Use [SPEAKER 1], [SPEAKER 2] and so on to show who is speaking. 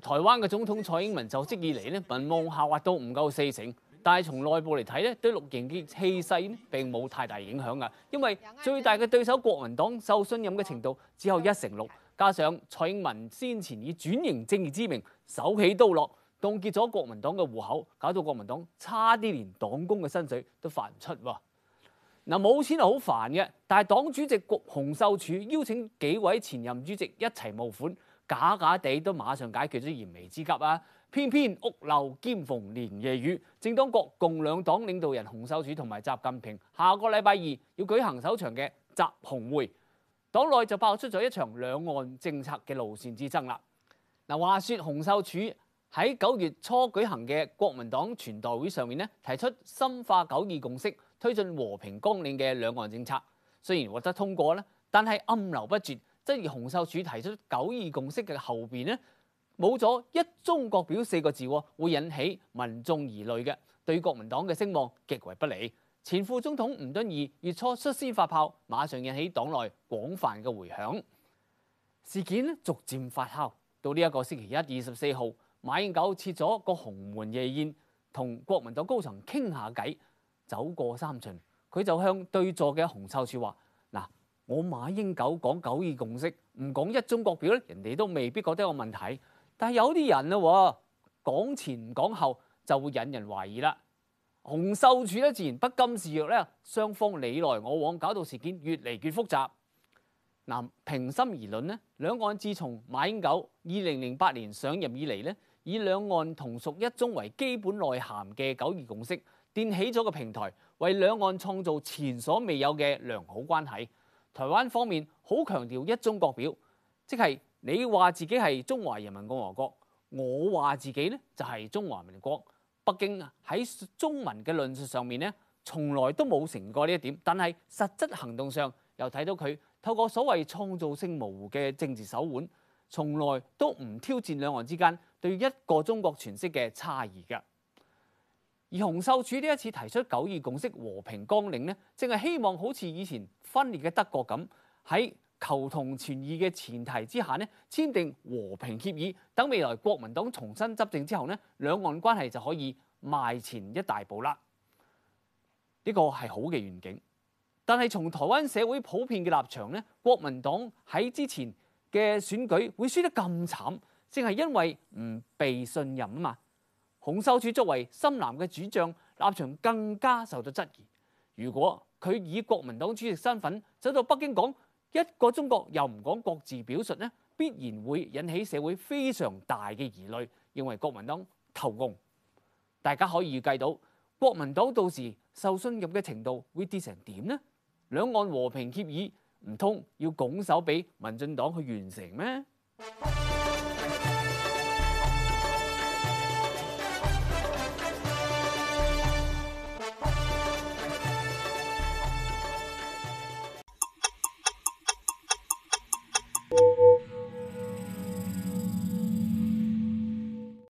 [SPEAKER 1] 台灣嘅總統蔡英文就職以嚟咧，民望下滑到唔夠四成，但係從內部嚟睇咧，對綠營嘅氣勢咧，並冇太大影響啊。因為最大嘅對手國民黨受信任嘅程度只有一成六，加上蔡英文先前以轉型正義之名，手起刀落。凍結咗國民黨嘅戶口，搞到國民黨差啲連黨工嘅薪水都發唔出。嗱、啊，冇錢好煩嘅，但係黨主席國洪秀柱邀請幾位前任主席一齊募款，假假地都馬上解決咗燃眉之急啊！偏偏屋漏兼逢連夜雨，正當國共兩黨領導人洪秀柱同埋習近平下個禮拜二要舉行首場嘅習洪會，黨內就爆出咗一場兩岸政策嘅路線之爭啦。嗱、啊，話說洪秀柱喺九月初舉行嘅國民黨全代會上面咧，提出深化九二共識，推進和平綱領嘅兩岸政策，雖然獲得通過咧，但係暗流不絕，質疑洪秀柱提出九二共識嘅後邊咧冇咗一中各表四個字，會引起民眾疑慮嘅，對國民黨嘅聲望極為不利。前副總統吳敦義月初率先發炮，馬上引起黨內廣泛嘅回響，事件逐漸發酵到呢一個星期一二十四號。馬英九設咗個鴻門夜宴，同國民黨高層傾下偈，走過三巡，佢就向對座嘅洪秀柱話：嗱，我馬英九講九二共識，唔講一中各表咧，人哋都未必覺得有問題。但係有啲人啊，講前講後就會引人懷疑啦。洪秀柱咧自然不甘示弱咧，雙方你來我往，搞到事件越嚟越複雜。嗱，平心而論呢，兩岸自從馬英九二零零八年上任以嚟咧，以兩岸同屬一中為基本內涵嘅九二共識，奠起咗個平台，為兩岸創造前所未有嘅良好關係。台灣方面好強調一中國表，即係你話自己係中華人民共和國，我話自己呢就係、是、中華民國。北京喺中文嘅論述上面呢，從來都冇承認呢一點，但係實質行動上又睇到佢透過所謂創造性模糊嘅政治手腕，從來都唔挑戰兩岸之間對一個中國詮釋嘅差異嘅，而洪秀柱呢一次提出九二共識和平綱領呢，正係希望好似以前分裂嘅德國咁，喺求同存異嘅前提之下呢，簽訂和平協議，等未來國民黨重新執政之後呢，兩岸關係就可以邁前一大步啦。呢個係好嘅願景，但係從台灣社會普遍嘅立場呢，國民黨喺之前嘅選舉會輸得咁慘。正係因為唔被信任啊嘛，洪秀柱作為深藍嘅主將，立場更加受到質疑。如果佢以國民黨主席身份走到北京講一個中國又唔講各自表述咧，必然會引起社會非常大嘅疑慮，認為國民黨投共。大家可以預計到國民黨到時受信任嘅程度會跌成點咧？兩岸和平協議唔通要拱手俾民進黨去完成咩？